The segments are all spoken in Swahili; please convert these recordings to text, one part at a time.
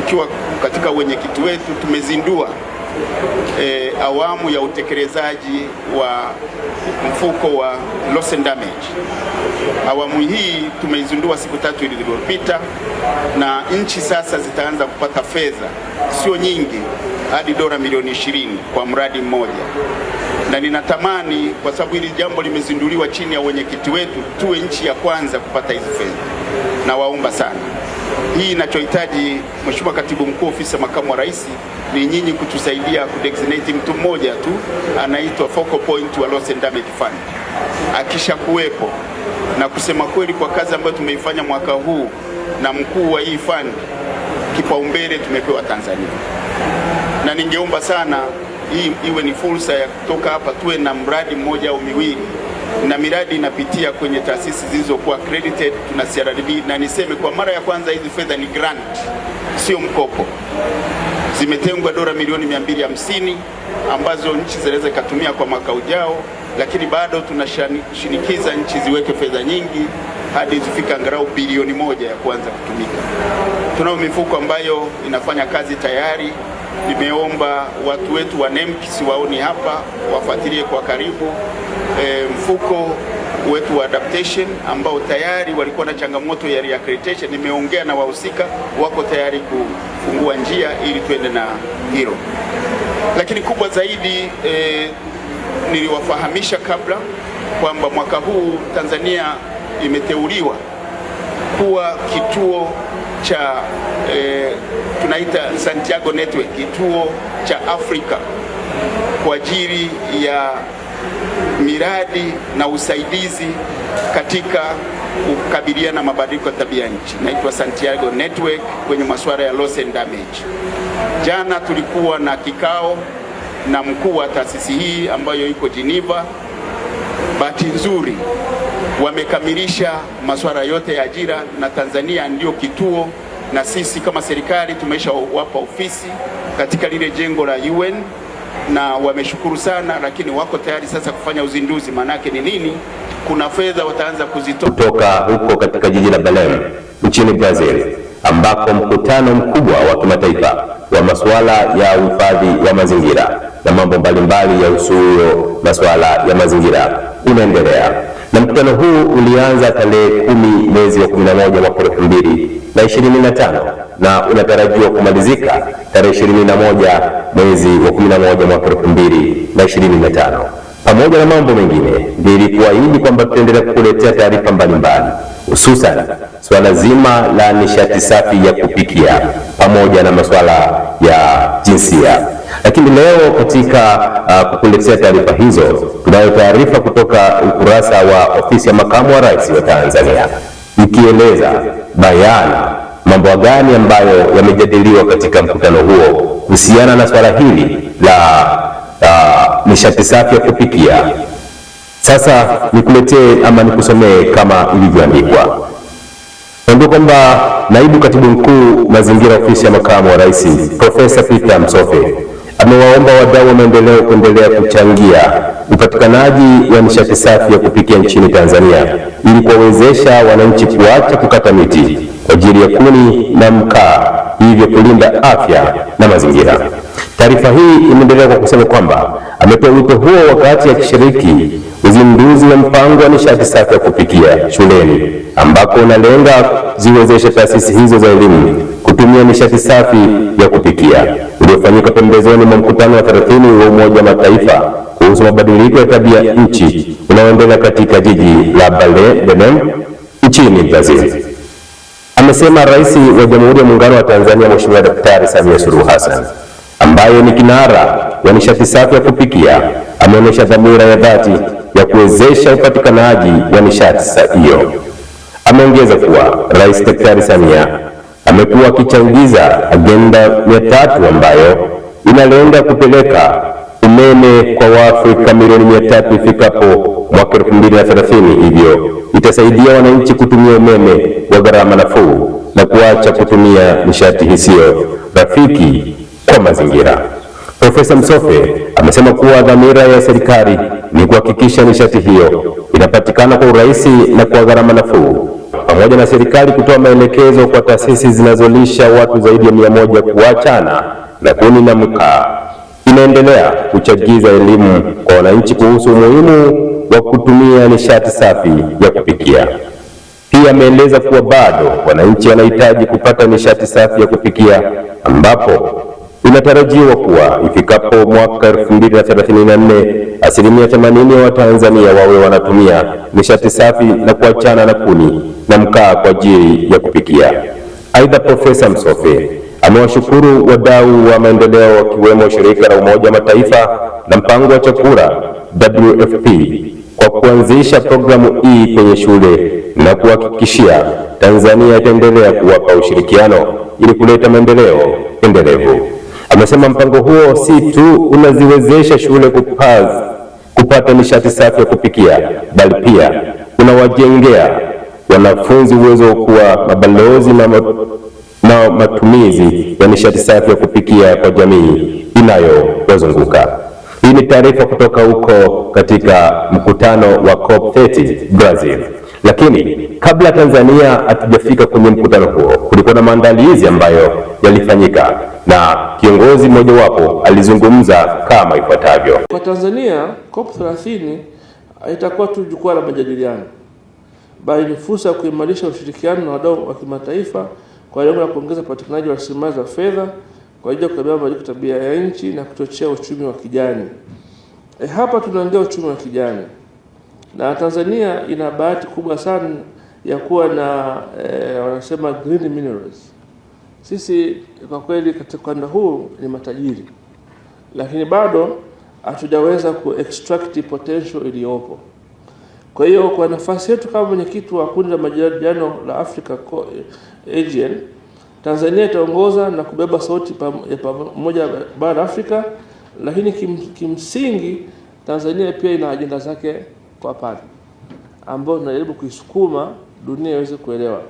tukiwa katika wenyekiti wetu tumezindua e, awamu ya utekelezaji wa mfuko wa loss and damage. Awamu hii tumeizindua siku tatu zilizopita, na nchi sasa zitaanza kupata fedha sio nyingi, hadi dola milioni ishirini kwa mradi mmoja, na ninatamani kwa sababu hili jambo limezinduliwa chini ya wenyekiti wetu, tuwe nchi ya kwanza kupata hizi fedha. Nawaomba sana hii inachohitaji Mheshimiwa Katibu Mkuu, ofisi ya makamu wa rais, ni nyinyi kutusaidia kudesignate mtu mmoja tu anaitwa focal point wa loss and damage fund. kuwepo na kusema kweli, kwa kazi ambayo tumeifanya mwaka huu na mkuu wa hii fund, kipaumbele tumepewa Tanzania, na ningeomba sana hii iwe ni fursa ya kutoka hapa tuwe na mradi mmoja au miwili na miradi inapitia kwenye taasisi zilizokuwa accredited, tuna CRDB. Na niseme kwa mara ya kwanza hizi fedha ni grant, sio mkopo. Zimetengwa dola milioni 250 ambazo nchi zinaweza ikatumia kwa mwaka ujao, lakini bado tunashinikiza nchi ziweke fedha nyingi hadi zifika angalau bilioni moja ya kuanza kutumika. Tunayo mifuko ambayo inafanya kazi tayari. Nimeomba watu wetu wa NEMKIS waoni hapa wafuatilie kwa karibu e, mfuko wetu wa adaptation ambao tayari walikuwa na changamoto ya reaccreditation. Nimeongea na wahusika, wako tayari kufungua njia ili tuende na hilo, lakini kubwa zaidi e, niliwafahamisha kabla kwamba mwaka huu Tanzania imeteuliwa kuwa kituo cha e, tunaita Santiago Network, kituo cha Afrika kwa ajili ya miradi na usaidizi katika kukabiliana na mabadiliko ya tabia nchi, naitwa Santiago Network kwenye masuala ya loss and damage. Jana tulikuwa na kikao na mkuu wa taasisi hii ambayo iko Geneva. Bahati nzuri wamekamilisha masuala yote ya ajira, na Tanzania ndiyo kituo, na sisi kama serikali tumeshawapa ofisi katika lile jengo la UN na wameshukuru sana, lakini wako tayari sasa kufanya uzinduzi. Maanake ni nini? Kuna fedha wataanza kuzitoa kutoka huko katika jiji la Belem nchini Brazil, ambako mkutano mkubwa wa kimataifa wa masuala ya uhifadhi wa mazingira na mambo mbalimbali yahusuyo masuala ya mazingira unaendelea, na mkutano huu ulianza tarehe kumi mwezi wa 11 mwaka elfu mbili na ishirini na tano na unatarajiwa kumalizika tarehe ishirini na moja mwezi wa 11 mwaka 2025. Pamoja na mambo mengine, nilikuahidi kwamba tutaendelea kukuletea taarifa mbalimbali, hususan swala zima la nishati safi ya kupikia pamoja na masuala ya jinsia. Lakini leo katika uh, kukuletea taarifa hizo, tunayo taarifa kutoka ukurasa wa ofisi ya makamu wa rais wa Tanzania ikieleza bayana mambo gani ambayo yamejadiliwa katika mkutano huo kuhusiana na swala hili la nishati safi ya kupikia. Sasa nikuletee ama nikusomee kama ilivyoandikwa. Naambia kwamba naibu katibu mkuu mazingira, ofisi ya makamu wa rais, Profesa Peter Msofe amewaomba wadau wa maendeleo kuendelea kuchangia upatikanaji wa nishati safi ya kupikia nchini Tanzania ili kuwawezesha wananchi kuacha kukata miti kwa ajili ya kuni na mkaa, hivyo kulinda afya mazingira. Taarifa hii imeendelea kwa kusema kwamba ametoa wito huo wakati akishiriki uzinduzi wa mpango wa nishati safi ya kupikia shuleni ambako unalenga ziwezeshe taasisi hizo za elimu kutumia nishati safi ya kupikia uliofanyika pembezoni mwa mkutano wa 30 wa Umoja wa Mataifa kuhusu mabadiliko ya tabia nchi unaoendelea katika jiji la Belém nchini Brazil amesema Rais wa Jamhuri ya Muungano wa Tanzania Mheshimiwa Daktari Samia Suluhu Hassan ambaye ni kinara wa nishati safi ya kupikia ameonyesha dhamira ya dhati ya kuwezesha upatikanaji wa nishati hiyo. Ameongeza kuwa Rais Daktari Samia amekuwa akichangiza agenda ya tatu ambayo inalenga kupeleka umeme kwa Waafrika milioni mia tatu ifikapo mwaka 2030 hivyo itasaidia wananchi kutumia umeme wa gharama nafuu na kuacha kutumia nishati hisiyo rafiki kwa mazingira. Profesa Msofe amesema kuwa dhamira ya serikali ni kuhakikisha nishati hiyo inapatikana kwa urahisi na kwa gharama nafuu, pamoja na serikali kutoa maelekezo kwa taasisi zinazolisha watu zaidi ya mia moja kuachana na kuni na mkaa. Inaendelea kuchagiza elimu kwa wananchi kuhusu umuhimu wa kutumia nishati safi ya kupikia. Pia ameeleza kuwa bado wananchi wanahitaji kupata nishati safi ya kupikia ambapo inatarajiwa kuwa ifikapo mwaka 2034 asilimia 80 ya Watanzania wawe wanatumia nishati safi na kuachana na kuni na mkaa kwa ajili ya kupikia. Aidha, Profesa Msofe amewashukuru wadau wa maendeleo wakiwemo shirika la Umoja wa Mataifa na mpango wa chakula WFP kwa kuanzisha programu hii e kwenye shule na kuhakikishia Tanzania itaendelea kuwapa ushirikiano ili kuleta maendeleo endelevu. Amesema mpango huo si tu unaziwezesha shule kupaz, kupata nishati safi ya kupikia, bali pia unawajengea wanafunzi uwezo wa kuwa mabalozi na na matumizi ya nishati safi ya kupikia kwa jamii inayowazunguka. Hii ni taarifa kutoka huko katika mkutano wa COP30 Brazil. Lakini kabla Tanzania hatujafika kwenye mkutano huo, kulikuwa na maandalizi ambayo yalifanyika na kiongozi mmojawapo alizungumza kama ifuatavyo. Kwa Tanzania, COP30 itakuwa tu jukwaa la majadiliano, bali ni fursa ya kuimarisha ushirikiano na wadau wa kimataifa kwa lengo la kuongeza upatikanaji wa rasilimali za fedha kwa ajili ya kukabiliana na mabadiliko tabia ya nchi na kuchochea uchumi wa kijani. E, hapa tunaongea uchumi wa kijani na Tanzania ina bahati kubwa sana ya kuwa na e, wanasema green minerals. Sisi kwa kweli katika ukanda huu ni matajiri, lakini bado hatujaweza ku extract potential iliyopo. Kwa hiyo kwa nafasi yetu kama mwenyekiti wa kundi la majadiliano la Africa AGN Tanzania itaongoza na kubeba sauti pamoja bara Afrika, lakini kim, kimsingi Tanzania pia ina ajenda zake kwa pale ambayo tunajaribu kuisukuma dunia iweze kuelewa.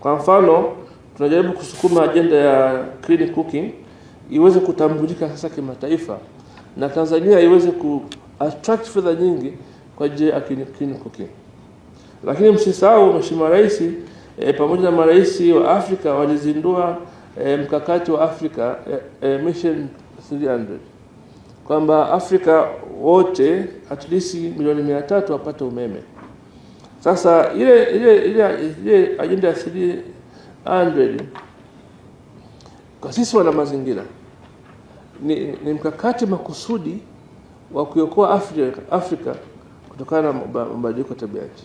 Kwa mfano, tunajaribu kusukuma ajenda ya clean cooking iweze kutambulika sasa kimataifa na Tanzania iweze ku attract fedha nyingi kwa ajili ya clean cooking, lakini msisahau Mheshimiwa Rais e, pamoja na marais wa Afrika walizindua e, mkakati wa Afrika e, e, Mission 300 kwamba Afrika wote at least milioni mia tatu wapate umeme. Sasa ile ile ile ile ajenda ya 300 kwa sisi wana mazingira ni, ni mkakati makusudi wa kuiokoa Afrika, Afrika kutokana na mabadiliko ya tabia nchi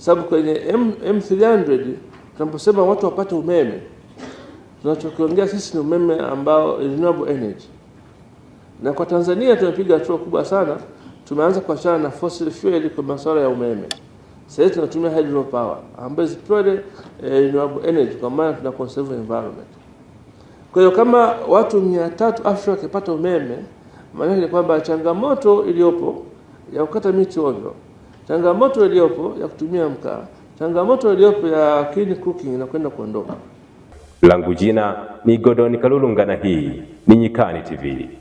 sababu kwenye M, M300 tunaposema watu wapate umeme tunachokiongea sisi ni umeme ambao renewable energy, na kwa Tanzania tumepiga hatua kubwa sana. Tumeanza kuachana na fossil fuel kwa masuala ya umeme. Sasa hivi tunatumia hydro power ambayo is purely eh, renewable energy, kwa maana tuna conserve environment. Kwa hiyo kama watu 300 Afrika wakipata umeme, maana ni kwamba changamoto iliyopo ya kukata miti ovyo changamoto iliyopo ya kutumia mkaa, changamoto iliyopo ya clean cooking inakwenda kuondoka. Langu jina ni Godoni Kalulunga na hii ni Nyikani TV.